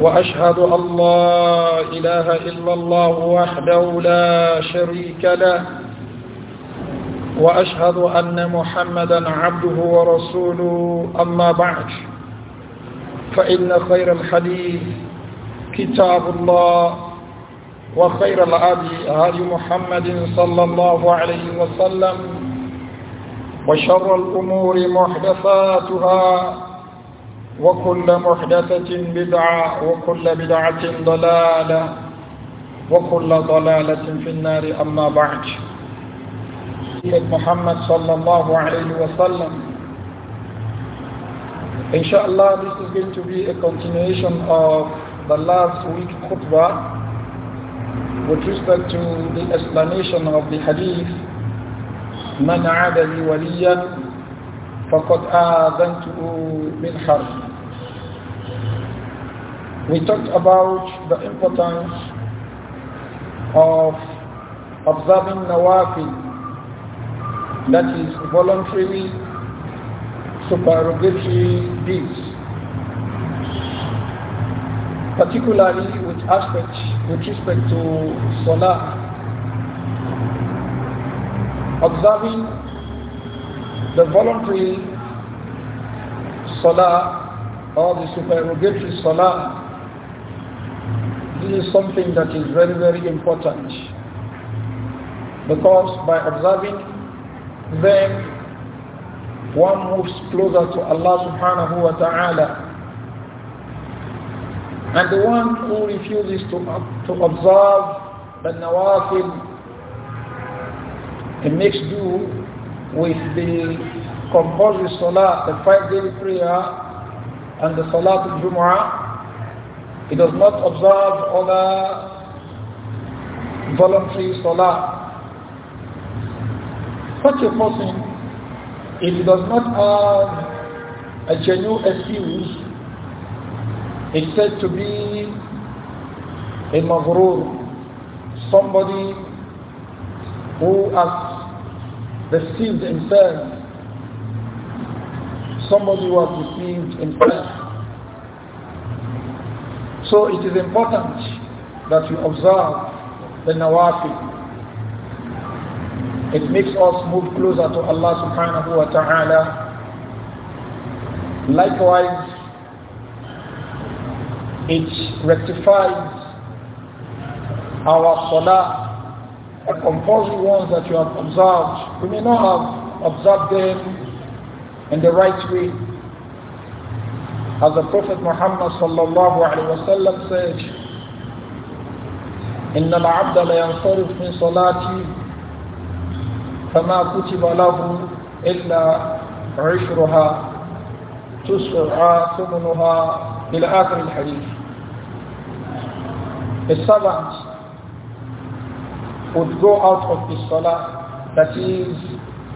وأشهد أن لا إله إلا الله وحده لا شريك له وأشهد أن محمدا عبده ورسوله أما بعد فإن خير الحديث كتاب الله وخير الأبي هدي محمد صلى الله عليه وسلم وشر الأمور محدثاتها وكل محدثة بدعة وكل بدعة ضلالة وكل ضلالة في النار أما بعد محمد صلى الله عليه وسلم الله this is going to be a continuation of the last week khutbah with respect to the explanation of the hadith من عاد وليا فقد آذنته بالحرب We talked about the importance of observing nawafil, that is voluntary supererogatory deeds, particularly with aspect with respect to salah. Observing the voluntary salah or the supererogatory salah this is something that is very, very important. Because by observing them, one moves closer to Allah subhanahu wa ta'ala. And the one who refuses to, to observe the nawafil and makes do with the compulsory salah, the five daily prayer, and the salat al Jum'ah. He does not observe other voluntary salah. Such a person, if he does not have a genuine excuse, is said to be a maghrur, somebody who has deceived himself, somebody who has deceived himself. So it is important that you observe the nawafil. It makes us move closer to Allah subhanahu wa ta'ala. Likewise, it rectifies our salah, the compulsory ones that you have observed. We may not have observed them in the right way, as the Prophet Muhammad sallallahu alaihi wasallam said, إن العبد لا ينصرف من صلاته فما كتب له إلا عشرها تسع ثمنها إلى آخر الحديث. A servant would go out of his salah, that is,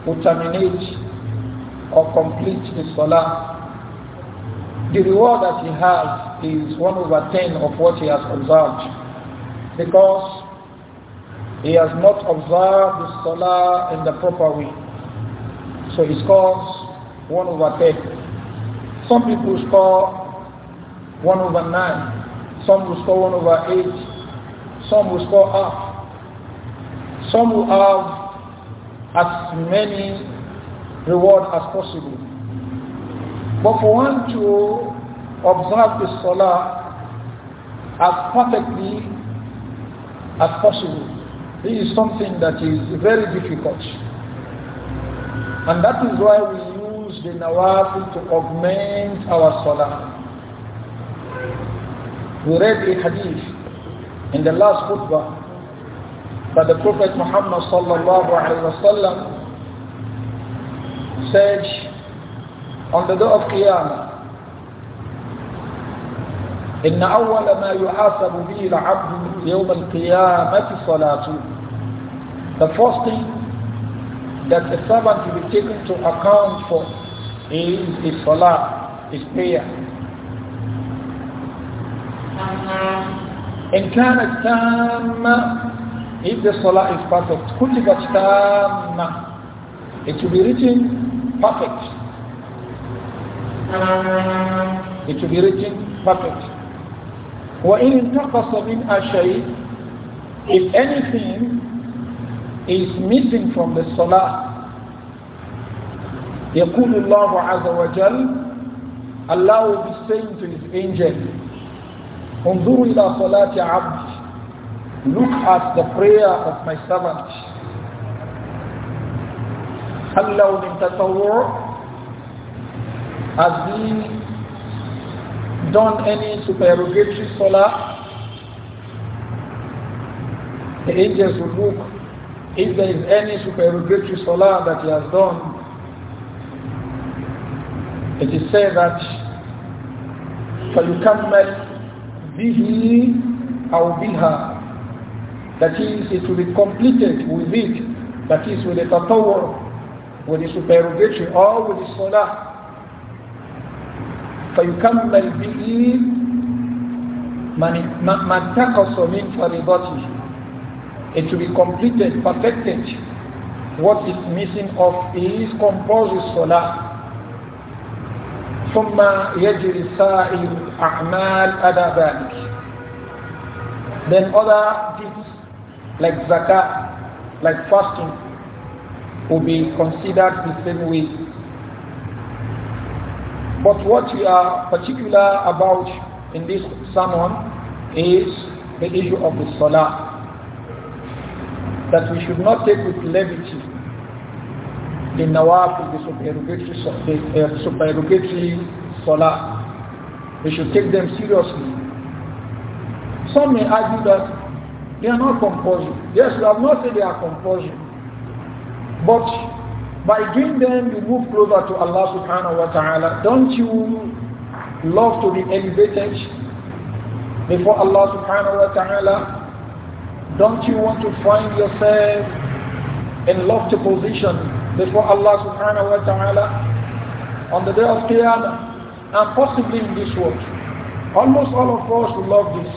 would terminate or complete his salah the reward that he has is 1 over 10 of what he has observed because he has not observed the salah in the proper way. So he scores 1 over 10. Some people score 1 over 9. Some will score 1 over 8. Some will score half. Some will have as many reward as possible. But for one to observe the Salah as perfectly as possible, this is something that is very difficult. And that is why we use the Nawafil to augment our Salah. We read a hadith in the last khutbah that the Prophet Muhammad sallallahu alaihi wasallam said on the day of Qiyamah. إن أول ما يحاسب به العبد يوم القيامة صلاته. The first thing that a servant will be taken to account for is his salah, his prayer. إن كانت تامة if the salah is perfect, كلفت تامة it will be written perfect it will be written perfect. وَإِنْ تَقَصَ مِنْ شَيْءٍ If anything is missing from the salah, يقول الله عز وجل Allah will be saying to his angel, انظروا إلى صلاة عبدي Look at the prayer of my servant. هل لو من has he done any supererogatory salah? The angels will look if there is any supererogatory salah that he has done. It is said that you فَيُكَمَّلْ بِهِ أَوْ بِهَا That is, it will be completed with it. That is, with the tatawwur, with the supererogatory, or with the salah. فيكمل به من من تقص من فريضته it will be completed perfected what is missing of his compulsory salah ثم يجري سائر الأعمال أدى ذلك then other deeds like zakat like fasting will be considered the same way but what we are particular about in this sermon is the issue of the salah. That we should not take with levity the nawaf, the supererogatory, the uh, supererogatory salah. We should take them seriously. Some may argue that they are not compulsory. Yes, we have not said they are compulsory. But by doing them, you move closer to Allah subhanahu wa ta'ala. Don't you love to be elevated before Allah subhanahu wa ta'ala? Don't you want to find yourself in lofty position before Allah subhanahu wa ta'ala on the day of Qiyamah and possibly in this world? Almost all of us love this.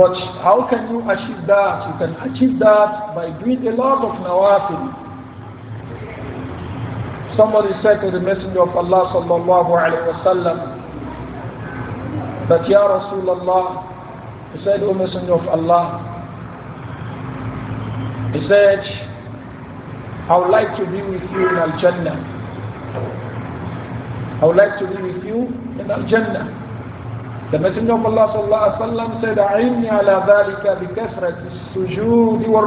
But how can you achieve that? You can achieve that by doing a lot of nawafil, Somebody said to the Messenger of Allah sallallahu alayhi wa sallam that Ya Rasulullah, he said, O Messenger of Allah, he said, I would like to be with you in Al-Jannah. I would like to be with you in Al-Jannah. The Messenger of Allah sallallahu alaihi wasallam said, "A'inni ala dhalika bi kasrati sujud wa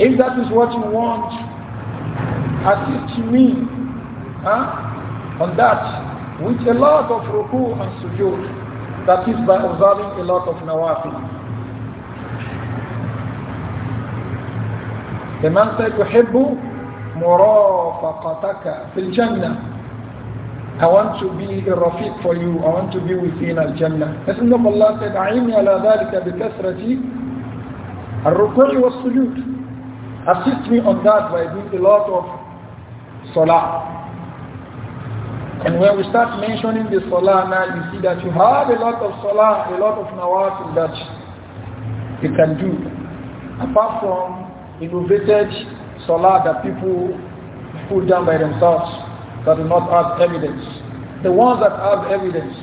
If that is what you want, assist me huh, on that with a lot of ruku and sujood. That is by observing a lot of nawafil. The man said, "Tuhibbu murafaqataka fil jannah." I want to be a rafiq for you. I want to be with you in al-jannah. Messenger of Allah said, "A'inni ala dhalika bi kathrati al-ruku'i was sujud Assist me on that by doing a lot of Salah. And when we start mentioning the Salah now, you see that you have a lot of Salah, a lot of Nawafil that you can do. Apart from innovated Salah that people put down by themselves that do not have evidence. The ones that have evidence,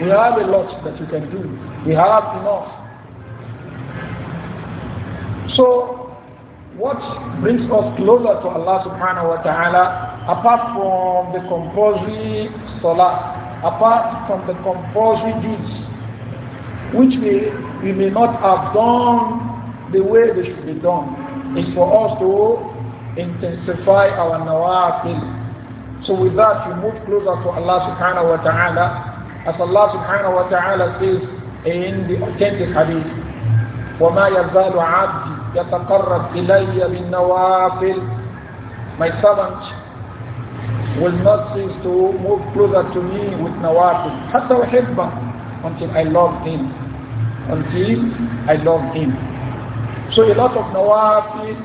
we have a lot that you can do. We have enough. So what brings us closer to Allah subhanahu wa ta'ala apart from the compulsory salah, apart from the compulsory deeds, which we, we may not have done the way they should be done, is for us to intensify our nawafil. So with that, we move closer to Allah subhanahu wa ta'ala, as Allah subhanahu wa ta'ala says in the authentic hadith, وَمَا يَزَالُ عَبْدِي يتقرب إلي بالنوافل my servant will not cease to move closer to me with nawafil حتى أحبه until I love him until I love him so a lot of nawafil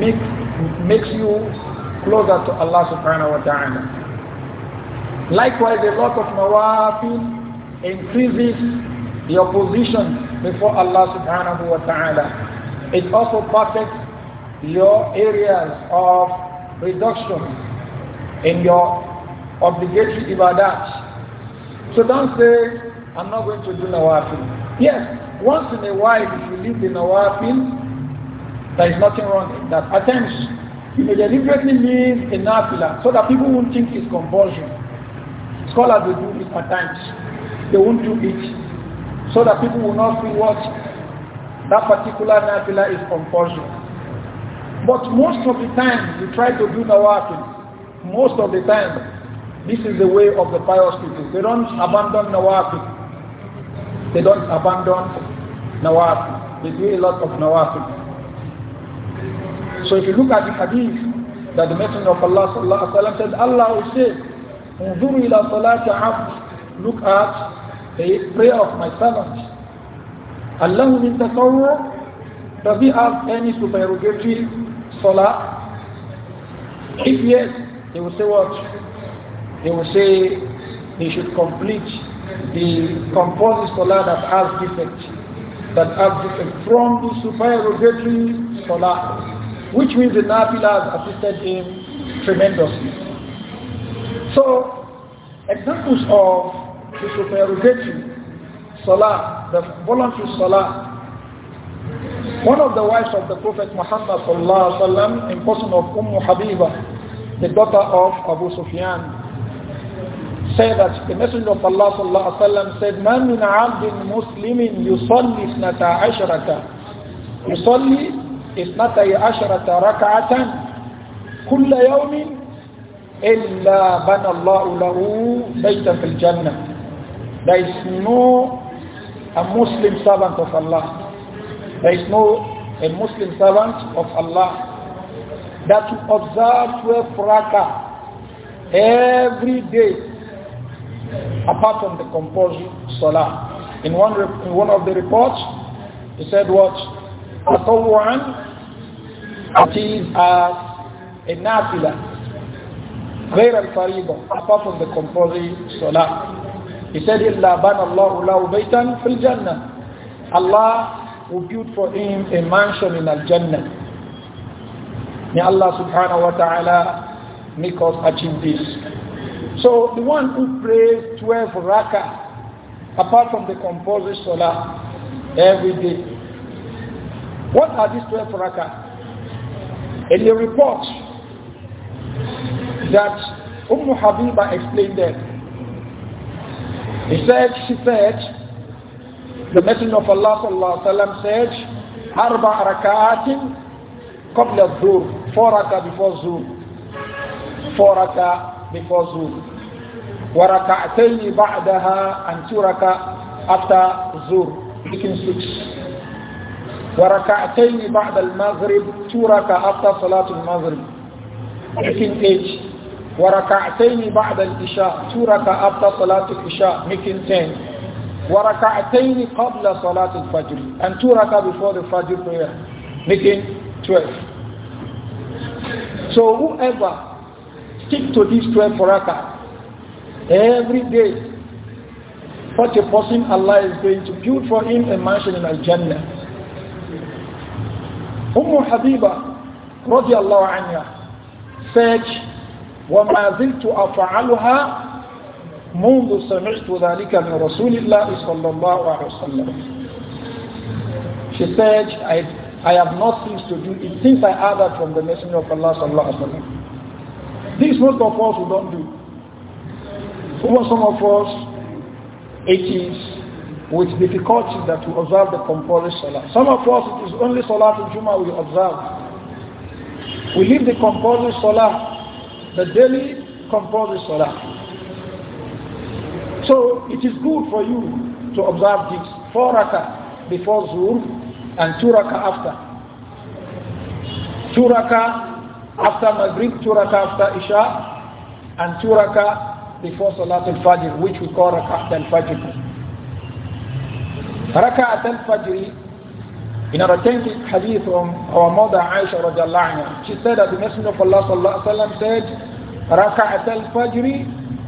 makes makes you closer to Allah subhanahu wa ta'ala likewise a lot of nawafil increases your position before Allah subhanahu wa ta'ala. It also perfects your areas of reduction in your obligatory ibadah. So don't say, I'm not going to do nawafil. Yes, once in a while, if you leave the nawafil, there is nothing wrong in that. At times, you may deliberately leave a nafila so that people won't think it's compulsion. Scholars will do it at times. They won't do it so that people will not feel what that particular nafila is compulsory. But most of the time, we try to do nawafil. Most of the time, this is the way of the pious people. They don't abandon nawafil. They don't abandon nawafil. They do a lot of nawafil. So if you look at the hadith, that the Messenger of Allah sallallahu alaihi wasallam said, Allah will say, "Unzuru ila salati Look at the prayer of my servant. Along with the taqawwu, does he have any supererogatory salah? If yes, he will say what? He will say he should complete the composite salah that has defect, that has defect from the supererogatory salah, which means the nafila has assisted him tremendously. So, examples of في سفير الهجم صلاة voluntary صلاة one of the wives of the Prophet Muhammad صلى الله عليه وسلم in person of Umm Habib the daughter of Abu Sufyan said that the Messenger of Allah صلى الله عليه وسلم said ما من عبد مسلم يصلي اثنتا عشرة يصلي اثنتا عشرة ركعة كل يوم إلا بنى الله له بيتا في الجنة There is no a Muslim servant of Allah. There is no a Muslim servant of Allah that will observe 12 rakah every day apart from the compulsory salah. In one, in one of the reports, he said what? Atawwan, that is as a nafila, غير الفريضة, apart from the compulsory salah. He said, "Illa بَنَ اللَّهُ لَهُ fil Jannah." Allah will build for him a mansion in Al-Jannah. May Allah subhanahu wa ta'ala make us achieve this. So the one who prays 12 rakah, apart from the composed salah, every day. What are these 12 rakah? In the report that Umm Habiba explained them, He said, she said, the Messenger of Allah sallallahu alayhi wa sallam said, Arba raka'atin qabla dhur, four raka before zuhr, four raka before zuhr, wa raka'atayni ba'daha and two raka after zuhr, making six. Wa raka'atayni ba'da al-maghrib, two raka after صلاة maghrib making eight وركعتين بعد العشاء two ركعة after صلاة isha making ten وركعتين قبل صلاة الفجر and two before the Fajr prayer making twelve so whoever stick to this twelve rakah every day what a person Allah is going to build for him a mansion in Al-Jannah Umm Habiba radiallahu anha said وما زلت أفعلها منذ سمعت ذلك من رسول الله صلى الله عليه وسلم She said, I, I have not things to do it since I heard that from the Messenger of Allah sallallahu alaihi wasallam. This most of us we don't do. Over some of us, it is with difficulty that we observe the compulsory salah. Some of us, it is only salah in Jummah we observe. We leave the compulsory salah the daily compulsory salah. So it is good for you to observe this four raka before zuhr and two raka after. Two raka after Maghrib, two raka after Isha, and two raka before Salat al-Fajr, which we call raka al-Fajr. Raka al-Fajr in our authentic hadith from our mother Aisha radiallahu anha, she said that the Messenger of Allah sallallahu alaihi wasallam said, "Raka'at al-fajr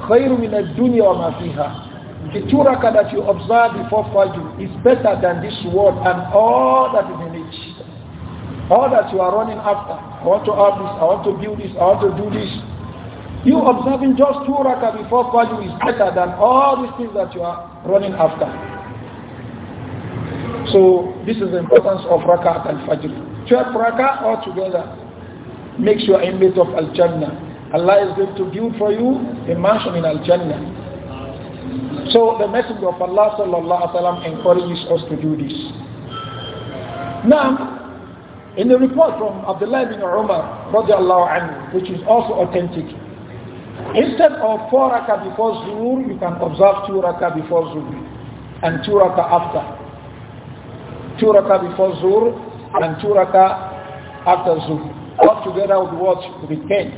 khayru min ad-dunya wa ma fiha." The two rak'ah that you observe before fajr is better than this world and all that is in it. All that you are running after. I want to have this, I want to build this, I want to do this. You observing just two rak'ah before fajr is better than all these things that you are running after. So this is the importance of Raka'at al-Fajr. 12 Raka'at altogether makes you a of Al-Jannah. Allah is going to build for you a mansion in Al-Jannah. So the Messenger of Allah sallallahu wa wasallam encourages us to do this. Now, in the report from Abdullah bin Umar radiallahu anhu, which is also authentic, instead of four rakah before zuhur, you can observe two rakah before zuhur and two rakah after two rakah before Zuhr and two rakah after Zuhr. All together would what? Would be ten.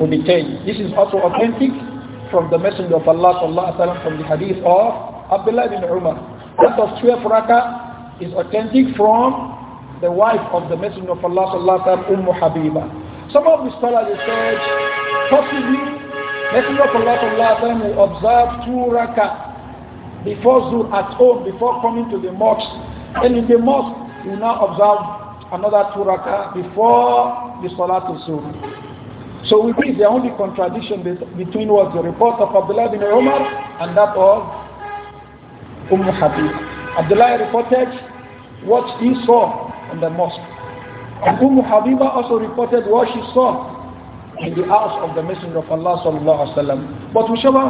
Would be ten. This is also authentic from the Messenger of Allah sallallahu alaihi wasallam from the hadith of Abdullah bin Umar. That of 12 rakah is authentic from the wife of the Messenger of Allah sallallahu alaihi wasallam, umm Habiba. Some of the scholars said possibly Messenger of Allah sallallahu alaihi wasallam observed two rakah before Zuhr at home, before coming to the mosque. And in the mosque, you now observe another two rakah before the Salatul Zuhr. So we see the only contradiction between what the report of Abdullah bin Umar and that of Umm Habib. Abdullah reported what he saw in the mosque. And Umm Habiba also reported what she saw in the house of the Messenger of Allah sallallahu alaihi wasallam. But whichever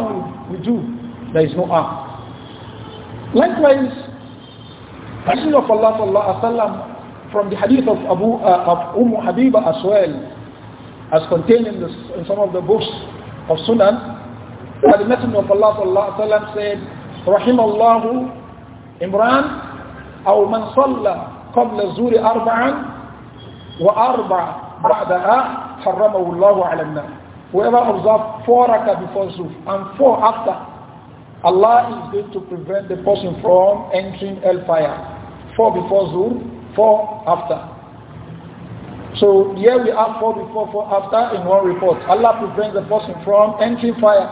we do, there is no harm. Likewise, Messenger of Allah sallallahu sallam, from the hadith of Abu uh, of Umm Habiba as well, as contained in, this, in some of the books of Sunan, that the Messenger of Allah sallallahu sallam, said, رحم الله إمران أو من صلى قبل الزور أربعا وأربع بعدها حرمه الله على النار Whoever observed four rakah before Zuf and four after Allah is going to prevent the person from entering hellfire. Four before Zul, four after. So here we have four before, four after in one report. Allah prevents the person from entering fire.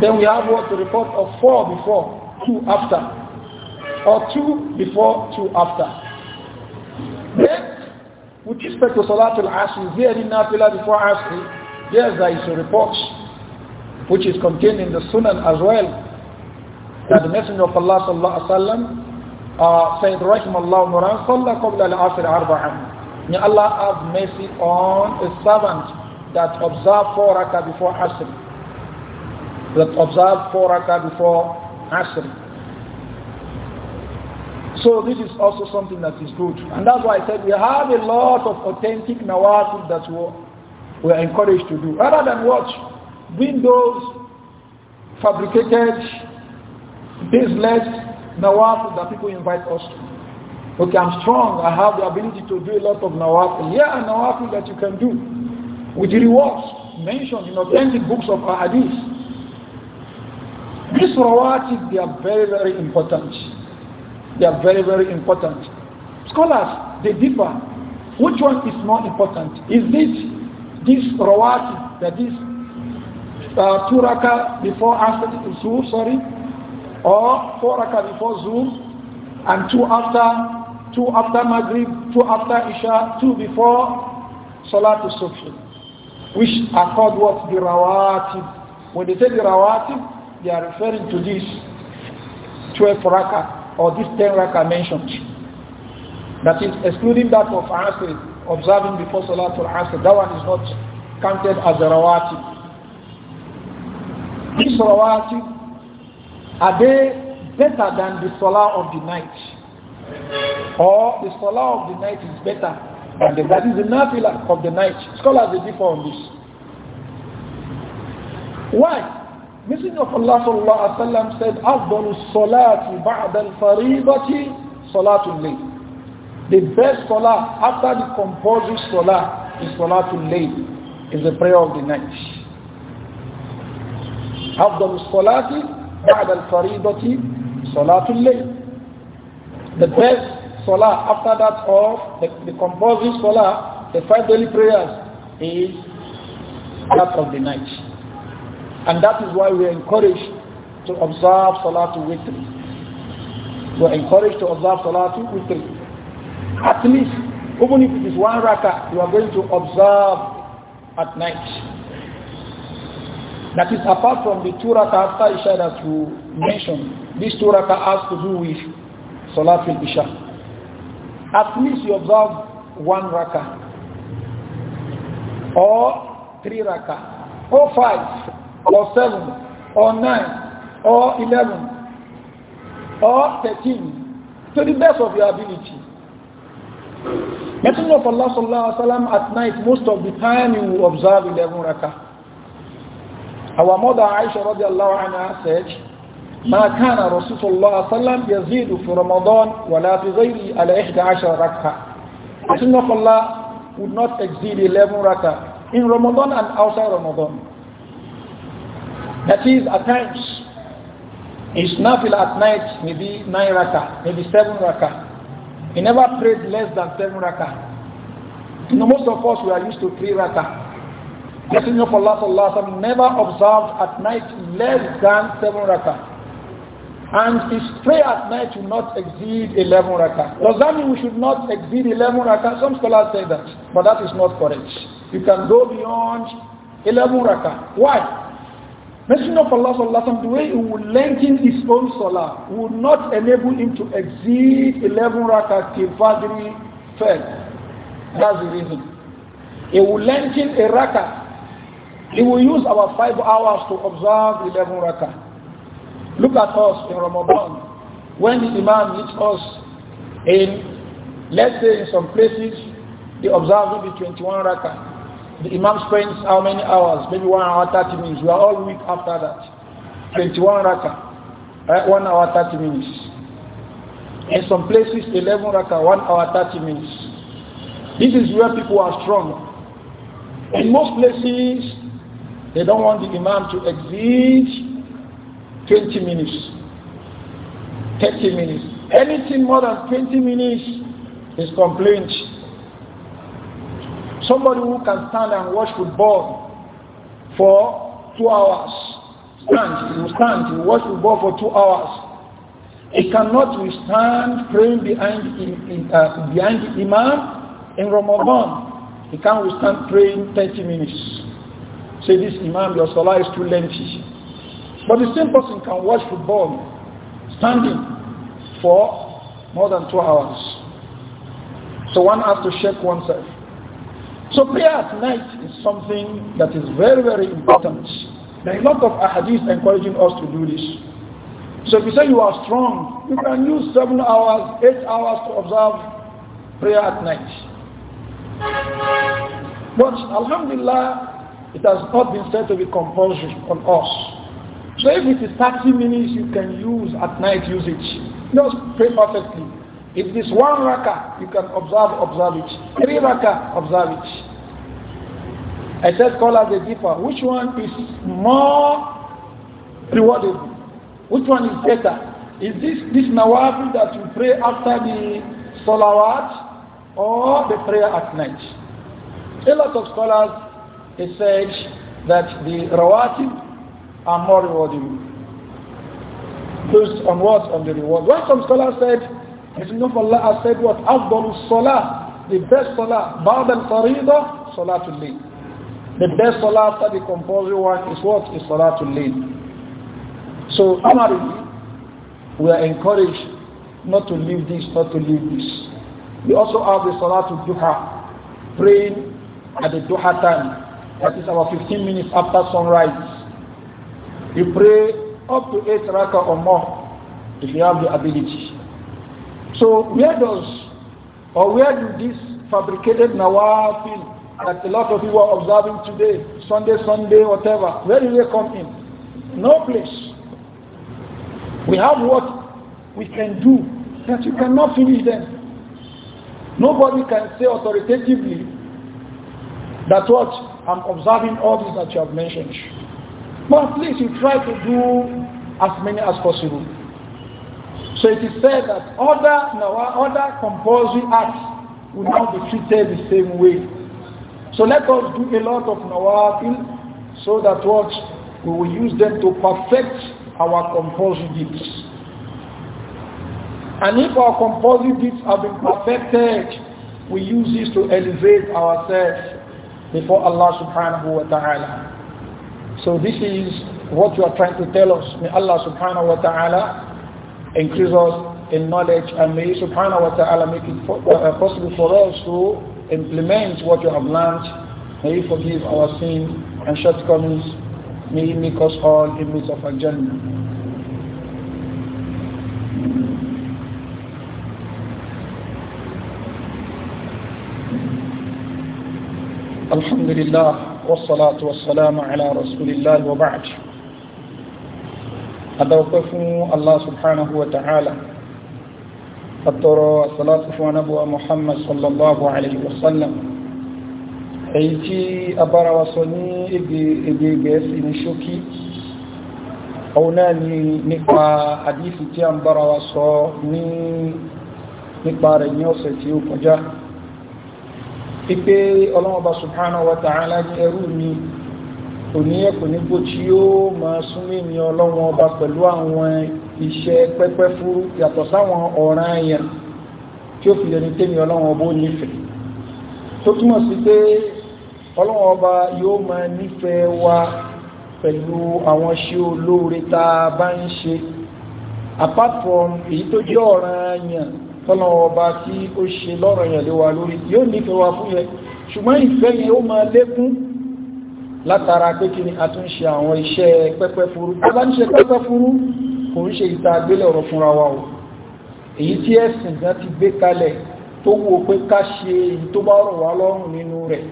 Then we have what the report of four before, two after. Or two before, two after. Then, with respect to Salatul Asr, is there any Nafila before Asr? Yes, there is a report which is contained in the Sunan as well, that the Messenger of Allah sallallahu alaihi wasallam uh, said, Rahimallahu Muran, Salla qabla al-asr arba'an. May Allah have mercy on a servant that observed four rakah before Asr. That observed four rakah before Asr. So this is also something that is good. And that's why I said we have a lot of authentic nawafil that we are encouraged to do. Rather than watch windows fabricated baseless nawaf that people invite us to. Okay, I'm strong. I have the ability to do a lot of Here Yeah, nawaf that you can do with the rewards mentioned in authentic books of hadith. These rawatib, they are very, very important. They are very, very important. Scholars, they differ. Which one is more important? Is it this rawatib, that is uh, two raka before after Zuhr, sorry, or four raka before Zuhr, and two after, two after Maghrib, two after Isha, two before Salatul Subh, which are called what? The Rawatib. When they say the Rawatib, they are referring to this 12 raka or this 10 raka mentioned. That is excluding that of Asr, observing before Salatul Asr. That one is not counted as a Rawatib. These rawatib, are they better than the salah of the night? Or the salah of the night is better than the, that is the nafila of the night? Scholars differ on this. Why? Messenger of Allah sallallahu alaihi wasallam said, "Afdalu salati ba'da al-fariidati salatul layl." The best salah after the compulsory salah is salatul layl, is the prayer of the night. أفضل الصلاة بعد الفريضة صلاة الليل the best salah after that of the, the compulsory salah, the five daily prayers is that of the night. And that is why we are encouraged to observe Salatul witri. We are encouraged to observe Salatul witri. At least, even if it is one rakah, you are going to observe at night. That is apart from the two rakah after Isha that you mentioned. This two rakah has to do with Salatul Isha. At least you observe one rakah. Or three rakah. Or five. Or seven. Or nine. Or eleven. Or thirteen. To the best of your ability. Messenger of Allah sallallahu alaihi wasallam at night most of the time you observe eleven rakah. Our mother Aisha radiallahu anha said, ما كان رسول الله صلى الله عليه وسلم يزيد في رمضان ولا في غيره على 11 ركعة. Messenger of Allah would not exceed 11 rakah in Ramadan and outside Ramadan. That is, at times, his nafil at night maybe 9 rakah, maybe 7 rakah. He never prayed less than 7 rakah. You know, most of us, we are used to 3 rakah. The Messenger of Allah sallallahu never observed at night less than seven rakah. And his prayer at night will not exceed 11 rakah. Does that mean we should not exceed 11 rakah? Some scholars say that, but that is not correct. You can go beyond 11 rakah. Why? Messenger of Allah sallallahu the way he will lengthen his own salah will not enable him to exceed 11 rakah till Fajr fell. That's the reason. He will lengthen a rakah if will use our five hours to observe 11 rakah. Look at us in Ramadan. When the Imam meets us in, let's say in some places, the observe maybe 21 rakah. The Imam spends how many hours? Maybe 1 hour 30 minutes. We are all weak after that. 21 rakah. Right? Eh, 1 hour 30 minutes. In some places, 11 rakah, 1 hour 30 minutes. This is where people are strong. In most places, they don't want the Imam to exceed 20 minutes, 30 minutes. Anything more than 20 minutes is complaint. Somebody who can stand and watch football for two hours. Stand, you stand, you watch football for two hours. He cannot withstand praying behind uh, behind the Imam in Ramadan. He can't withstand praying 30 minutes say this imam, your salah is too lengthy. But the same person can watch football standing for more than two hours. So one has to check oneself. So prayer at night is something that is very, very important. There are a lot of ahadith encouraging us to do this. So if you say you are strong, you can use seven hours, eight hours to observe prayer at night. But Alhamdulillah, it has not been said to be compulsory on us. So if it is 30 minutes you can use at night, use it. Just pray perfectly. If it is one raka, you can observe, observe it. Three raka, observe it. I said scholars are differ. Which one is more rewarding? Which one is better? Is this this nawafi that you pray after the salawat or the prayer at night? A lot of scholars he said that the rawatib are more rewarding. Based on what? On the reward. When some scholars said, Messenger of Allah has said what? Abdul salah, the best salah, ba'd al Salah to lead. The best salah after the compulsory one is what? Is to lead." So, Amari, we are encouraged not to leave this, not to leave this. We also have the to duha, praying at the duha time that is about 15 minutes after sunrise. You pray up to 8 raka or more if you have the ability. So where does or where do this fabricated nawafil that a lot of people are observing today, Sunday, Sunday, whatever, where do they come in? No place. We have what we can do that you cannot finish them. Nobody can say authoritatively that what I'm observing all these that you have mentioned. But please, you try to do as many as possible. So it is said that other, now other compulsory acts will now be treated the same way. So let us do a lot of nawafil so that what we will use them to perfect our compulsory deeds. And if our compulsory deeds have been perfected, we use this to elevate ourselves before Allah subhanahu wa ta'ala. So this is what you are trying to tell us. May Allah subhanahu wa ta'ala increase us in knowledge and may subhanahu wa ta'ala make it uh, possible for us to implement what you have learned. May He forgive our sins and shortcomings. May He make us all midst of al journey. الحمد لله والصلاة والسلام على رسول الله وبعد أدوقف الله سبحانه وتعالى أترى صلاة ونبوة محمد صلى الله عليه وسلم أيتي أبرا وصني إبي جيسي نشوكي أو ناني نقا حديث تيان برا وصني نقا رنيوسي تيو ipe ọlọ́mọba subhanahu wa ta'ala ní ẹrú mi kò ní ẹ̀kọ́ nípò tí ó máa súnmí mi ọlọ́mọba pẹ̀lú àwọn iṣẹ́ pẹ́pẹ́ fúrú yàtọ̀ sáwọn ọ̀ràn ayàn tí ó fi lè ní tèmi ọlọ́mọba ó nífẹ̀ẹ́ tó apart from èyí tó jẹ́ ọ̀ràn ayàn tọ́lọ́wọ́ bá tí ó ṣe lọ́rọ̀ yẹn lé wa lórí yóò nífẹ̀ẹ́ wa fún yẹ ṣùgbọ́n ìfẹ́ yẹn ó máa lékún látara pé kí ni a tún ṣe àwọn iṣẹ́ pẹ́pẹ́ furu bá ń ṣe pẹ́pẹ́ furu kò ń ṣe ìta agbélẹ̀ ọ̀rọ̀ fúnra wa o èyí tí ẹ̀sìn gan ti gbé kalẹ̀ tó wo pé ká ṣe èyí tó bá rọ̀ wá lọ́rùn nínú rẹ̀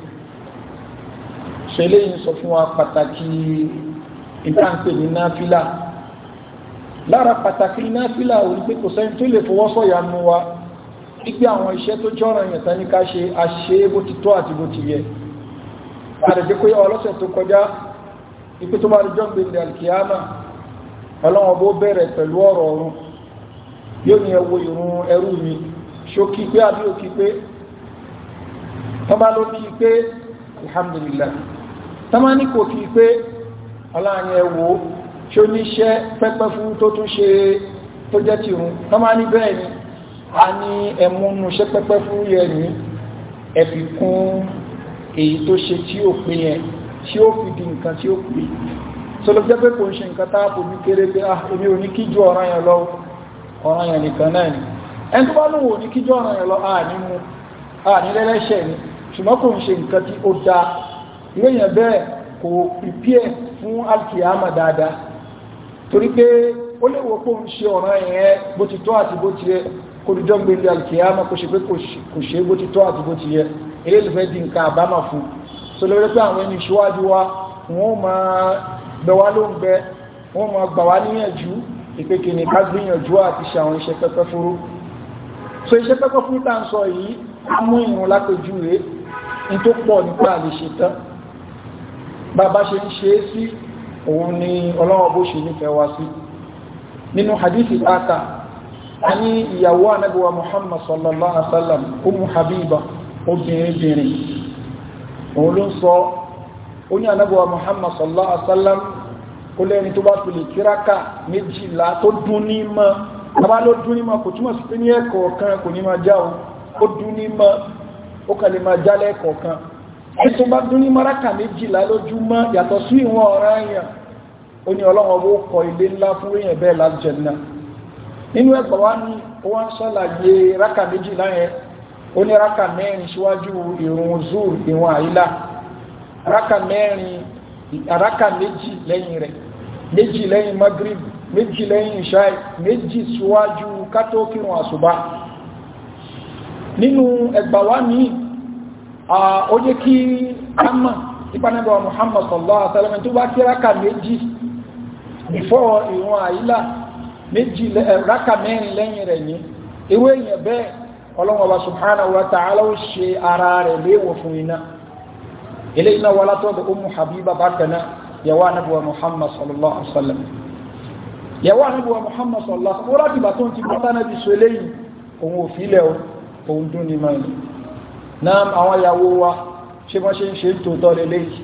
ṣe léyìn sọ fún wa pàtàkì ìtàǹpè ní náfílà lára pàtàkì náfìlà òun pé kò sẹ́ni tó lè fọwọ́sọ̀yà nu wa wípé àwọn iṣẹ́ tó jọ́ràn yẹn tán ní ká ṣe àṣe bó ti tọ́ àti bó ti yẹ àdèjẹ́ pé ọlọ́sẹ̀ tó kọjá ipé tó bá rí jọ́ gbèrè alkiyama ọlọ́wọ́n bó bẹ̀rẹ̀ pẹ̀lú ọ̀rọ̀ ọ̀run yóò ní ẹwọ ìrun ẹrú mi ṣókí pé àbí òkí pé tọ́bá ló kí pé alhamdulillah tọ́bá ní kò kí pé ọlọ́run ẹwọ́ ṣoníṣẹ́ pẹ́pẹ́ fún tó tún ṣe tó jẹ́ ti rùn tán ní bẹ́ẹ̀ ni a ní ẹmúnú ṣẹ́ pẹ́pẹ́ fún yẹ ní ẹ̀fì kún èyí tó ṣe tí ó pín yẹn tí ó fi di nǹkan tí ó pín sọlọ́ jẹ́ pé kò ń ṣe nǹkan tá àpò kéré pé ah, èmi ò ní kí ju yẹn lọ ọ̀ràn yẹn ni ẹni tó bá lóun ò ní kí ni ṣùgbọ́n kò ń ṣe nǹkan torí pé ó lè wò kó ń ṣe ọ̀ràn yẹn bó ti tọ́ àti bó ti yẹ kó lè jọ́gbé ní alkiyama kó ṣe pé kò ṣe bó ti tọ́ àti bó ti yẹ eré lè di nǹkan àbámà fún so lórí pé àwọn ẹni ṣíwájú wa wọ́n máa bẹ wá ló ń bẹ wọ́n máa gbà wá níyànjú ìpèkè ní ká gbìyànjú àti ṣe àwọn iṣẹ́ pẹ́pẹ́ fúrú so iṣẹ́ pẹ́pẹ́ fúrú tá ń sọ yìí á mú ìrùn lápẹjú ní tó pọ̀ nípa àlè ṣetán bàbá ṣe ń ṣe é sí òun ni ọlọ́wọ́ bó ṣe nífẹ̀ẹ́ wá sí nínú hadithi ata a ní ìyàwó anábíwa muhammad sallallahu alaihi wasallam umu habiba obìnrin bìnrin òun ló ń sọ ó ní anábíwa muhammad sallallahu alaihi wasallam ó lẹ́ni tó bá fìlè kíráka méjìlá tó dún ní mọ́ bàbá ló dún ní mọ́ kò túmọ̀ sí pé ní ẹ̀kọ̀ọ̀kan kò ní máa já ó dún ní mọ́ ó kàn lè máa já lẹ́ẹ̀kọ̀ọ̀kan ẹ̀tún bá dún ní máraka méjìlá lójúmọ́ yàtọ̀ sí ìwọ̀n ọ̀rọ̀ èèyàn ó ní ọlọ́run ó kọ ilé ńlá fún èèyàn bẹ́ẹ̀ lálùjànnà nínú ẹgbà wá ní wọ́n ṣàlàyé ráka méjìlá yẹn ó ní ráka mẹ́rin síwájú ìrun zuru ìwọ̀n àyílá ráka mẹ́rin ráka méjì lẹ́yìn rẹ̀ méjì lẹ́yìn magrib méjì lẹ́yìn ìṣáì méjì síwájú kátó kírun àsùbá nínú ẹgbà wá míì ó yẹ kí a mọ̀ nípa nípa Muhammad sallallahu alaihi wasallam tó bá kí ráka méjì ìfọ́ ìwọ̀n àyílà méjì eh, ráka mẹ́rin lẹ́yìn rẹ̀ ní ewé èèyàn bẹ́ẹ̀ ọlọ́wọ́ wa subhanahu wa ta'ala ó ṣe ara rẹ̀ léèwọ̀ fún iná ilé iná wa látọ́dọ̀ Ummu Habiba bákaná yàwó anábíwa Muhammad sallallahu ní náà àwọn ìyàwó wa ṣe wọ́n ṣe ń ṣe tòótọ́ lélẹ́ yìí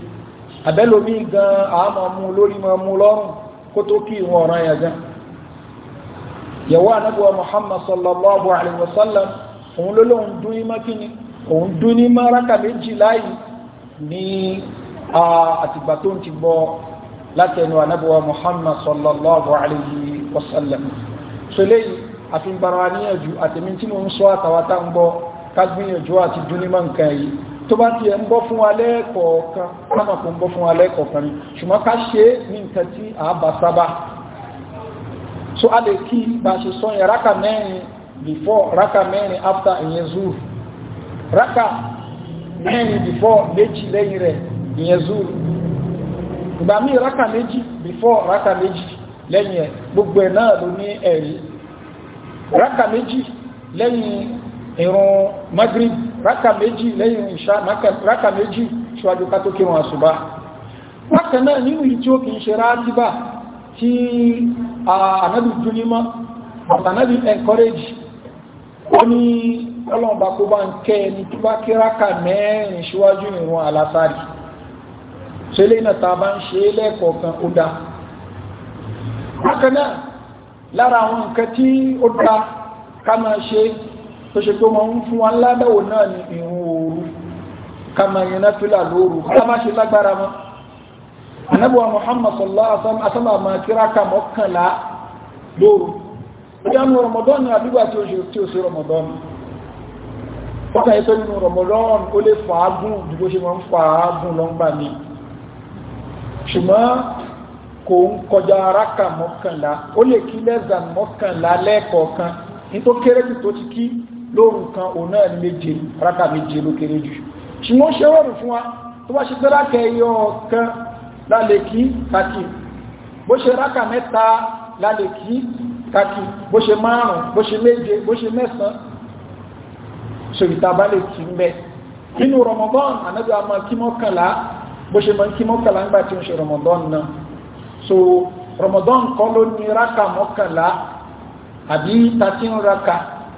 àbẹ́lómi gan àmọ́ mú lórí mọ́ mú lọ́rùn kó tó kí ìwọ̀n ọ̀ràn yà gan yàwó anábíwá Muhammad sallallahu alayhi wa sallam òun ló lóun dún ní mákìní òun dún ní máraka méjì láàyè ní àtìgbà tó ń ti gbọ́ látẹnu anábíwá Muhammad sallallahu alayhi wa sallam so àfihàn bara àtẹ̀mí tí mo ń sọ àtàwátà ń gbọ́ ká gbìyànjú àti dún ní mọ̀nkà yìí tó bá ti ẹ̀ ń bọ́ fún wa lẹ́ẹ̀kọ̀ọ̀kan kọ́nà ni ṣùgbọ́n ká ṣe ní nǹkan tí a bá sábà so a lè kí bá ṣe sọ yẹn rákà mẹ́rin before rákà mẹ́rin after ìyẹn zuru rákà mẹ́rin before méjì lẹ́yìn rẹ̀ ìyẹn zuru ìgbà míì rákà méjì before rákà méjì lẹ́yìn ẹ̀ gbogbo ẹ̀ náà ló ní ẹ̀rí rákà méjì lẹ́yìn ìrun magrib Raka méjì lẹ́yìn ìṣá rákà méjì ṣíwájú ká tó kírun àṣùbá bákan náà nínú yìí tí ó kìí ṣe rájíbà tí ànábì dúnímọ́ ànábì encourage ó ní ọlọ́ọ̀bá kó bá ń kẹ́ ẹni tó bá kí rákà mẹ́rin ṣíwájú ìrun àlásárì ṣe lè náà ta bá ń ṣe lẹ́ẹ̀kọ̀ọ̀kan ó dá lára àwọn nǹkan tí ó dá ká máa ṣe tó ṣe pé wọ́n ń fún wa ládàwò náà ní ìrun òru ká máa yan náfìlà lóru ká má ṣe lágbára mọ́ anábọ̀ Muhammad sallallahu alaihi wasallam àmà kíráka mọ́kànlá lóru bóyá nu Ramadan ni àbígbà tí ó ṣe tí ó ṣe Ramadan ó kàn yẹ nínú Ramadan ó lè fàágùn bí bó ṣe máa ń fàágùn lọ́ngbà ni ṣùgbọ́n kò kéré jù tó ti kí lóòrùn kan òun náà ní méje rákà méje ló kéré jù ṣùgbọ́n ṣe rọrùn fún wa tó bá ṣe pé rákà ẹyọ kan lálẹ́ kí kákì bó ṣe rákà mẹ́ta lálẹ́ kí kákì bó ṣe márùn bó ṣe méje bó ṣe mẹ́sàn ṣòkìtà bá lè kí ń bẹ nínú Ramadan ànábì ń gbà so Ramadan kọ́ ló ní rákà mọ́kànlá àbí 13 rákà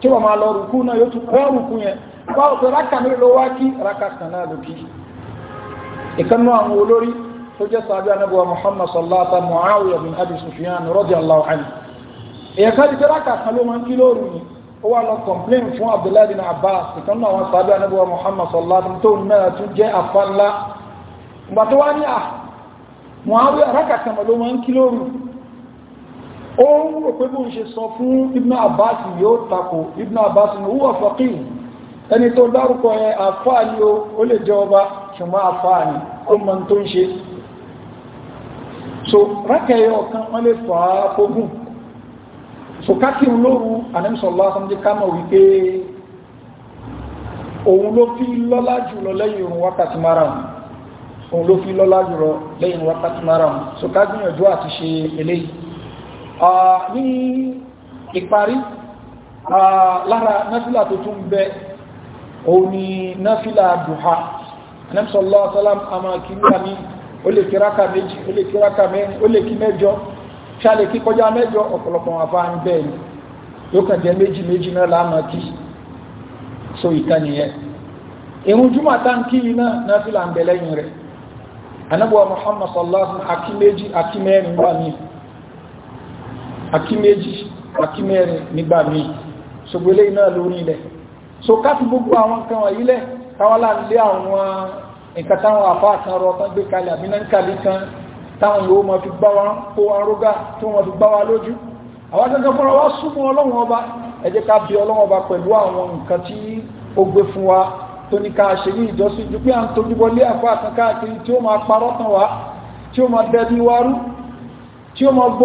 tí wọ́n máa lọ rùkú náà yóò tún wọ́n rùkú yẹn báwo pé rákà mi ló wá kí rákà kan náà ló kí ìkànnú àwọn olórí tó jẹ́ sàbí anábọ̀ Muhammad sallata Muawiya bin Abi Sufyan radiyallahu anhu èyàn ká di pé rákà kan ló máa ń kí lóru ni ó wá lọ complain fún Abdullahi Abbas ìkànnú àwọn sàbí anábọ̀ Muhammad sallata tó náà tún jẹ́ afánlá ìgbà tó wá ní à ah, Muawiya rákà kan ló máa ń kí lóru ó rò pé bó ń ṣe sọ fún Ibn Abbas yóò tako Ibn Abbas ní wúwà faqih ẹni tó dárúkọ ẹ àfáà ni ó lè jẹ ọba ṣùgbọ́n àfáà ni ó mọ tó ń ṣe so rákẹyọ ọ̀kan wọ́n lè fà á so kákíun lóru ànímsọ̀lá Ah, ní ìparí ah, lára náfílà tó tún bẹ òun ni náfílà duha anẹ́sọ̀lọ́ sálám àmà kìíyà ní ó lè kí ráka méjì ó lè kí ráka mẹ́rin ó lè kí mẹ́jọ ṣáàlè kí kọjá mẹ́jọ ọ̀pọ̀lọpọ̀ àfáàní bẹ́ẹ̀ ni yóò kàn jẹ́ méjì méjì náà láàmà kí so ìtànìyẹ irun jùmọ̀ muhammad sallallahu akí méjì àkí méjì àkí mẹ́rin nígbà míì ṣògbélé iná lórí ilẹ̀ so ká fi gbogbo àwọn nǹkan wọ̀nyí lẹ̀ káwọ́lá ń lé àwọn nǹkan táwọn àfáà kan rọ tán gbé kalẹ̀ àbí náà ń kalẹ̀ kan táwọn yóò máa fi gbá wa kó arúgá tó wọn fi gbá wa lójú àwọn akẹ́kọ̀ọ́ fúnra wa súnmọ́ tí ó gbé fún wa tó tí ó máa parọ́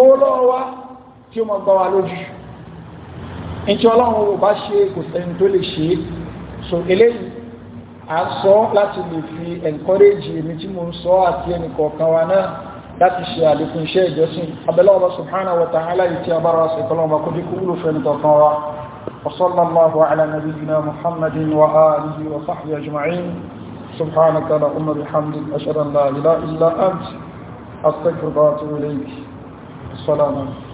lọ́wọ́ wa tí ó mọ́ gbá wa lójú ní tí ọlọ́run ò bá ṣe kò sẹ́ni tó lè ṣe so eléyìí a sọ láti lè fi encourage èmi tí mo ń sọ àti ẹnìkọ̀ọ̀kan wa náà láti ṣe àlékún iṣẹ́ ìjọsìn abẹ́lọ́wọ́ subhanahu wa ta'ala yìí tí a bára wa sí ìtọ́lọ́wọ́ kó wúlò fẹ́ni kọ̀ọ̀kan wa وصلى الله على نبينا محمد وآله وصحبه أجمعين سبحانك اللهم بحمدك أشهد أن لا إله إلا أنت أستغفرك وأتوب إليك السلام عليكم